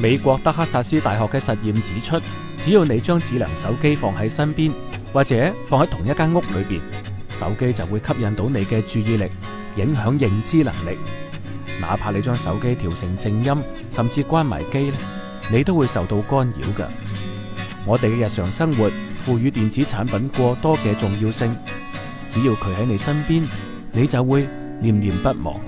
美國德克薩斯大學嘅實驗指出，只要你將智能手機放喺身邊，或者放喺同一間屋裏邊，手機就會吸引到你嘅注意力，影響認知能力。哪怕你將手機調成靜音，甚至關埋機咧，你都會受到干擾㗎。我哋嘅日常生活賦予電子產品過多嘅重要性，只要佢喺你身邊，你就會念念不忘。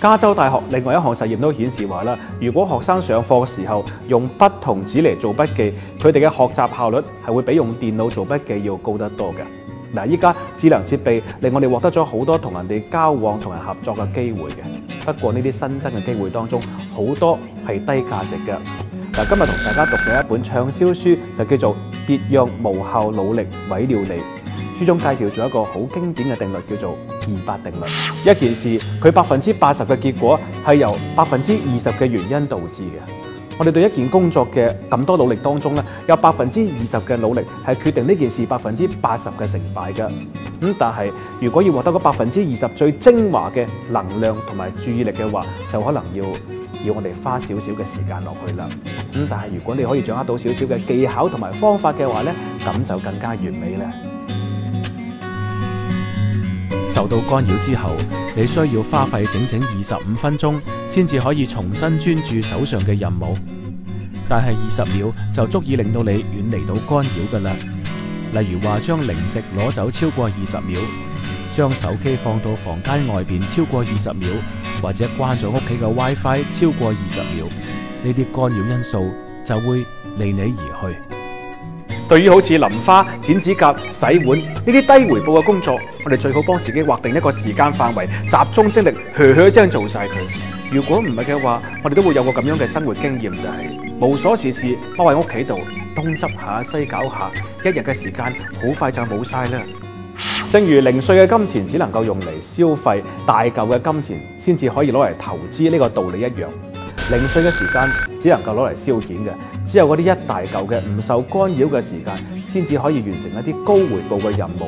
加州大學另外一項實驗都顯示話啦，如果學生上課嘅時候用不同紙嚟做筆記，佢哋嘅學習效率係會比用電腦做筆記要高得多嘅。嗱，依家智能設備令我哋獲得咗好多同人哋交往、同人合作嘅機會嘅。不過呢啲新增嘅機會當中，好多係低價值嘅。嗱，今日同大家讀嘅一本暢銷書就叫做《別讓無效努力毀了你》。書中介紹咗一個好經典嘅定律，叫做二八定律。一件事佢，百分之八十嘅結果係由百分之二十嘅原因導致嘅。我哋對一件工作嘅咁多努力當中咧，有百分之二十嘅努力係決定呢件事百分之八十嘅成敗嘅。咁、嗯、但係如果要獲得百分之二十最精華嘅能量同埋注意力嘅話，就可能要要我哋花少少嘅時間落去啦。咁、嗯、但係如果你可以掌握到少少嘅技巧同埋方法嘅話咧，咁就更加完美啦。受到干擾之後，你需要花費整整二十五分鐘，先至可以重新專注手上嘅任務。但係二十秒就足以令到你遠離到干擾噶啦。例如話將零食攞走超過二十秒，將手機放到房間外邊超過二十秒，或者關咗屋企嘅 WiFi 超過二十秒，呢啲干擾因素就會離你而去。對於好似淋花、剪指甲、洗碗呢啲低回報嘅工作，我哋最好幫自己劃定一個時間範圍，集中精力，靴靴聲將佢做晒。如果唔係嘅話，我哋都會有個咁樣嘅生活經驗，就係、是、無所事事，趴喺屋企度，東執下西搞下，一日嘅時間好快就冇晒啦。正如零碎嘅金錢只能夠用嚟消費，大嚿嘅金錢先至可以攞嚟投資呢、這個道理一樣，零碎嘅時間只能夠攞嚟消遣嘅。只有嗰啲一大嚿嘅唔受干擾嘅時間，先至可以完成一啲高回報嘅任務。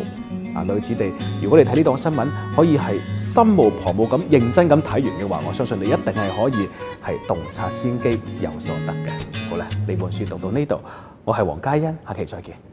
啊、呃，類似地，如果你睇呢檔新聞，可以係心無旁騖咁認真咁睇完嘅話，我相信你一定係可以係洞察先機有所得嘅。好啦，呢本書讀到呢度，我係黃嘉欣，下期再見。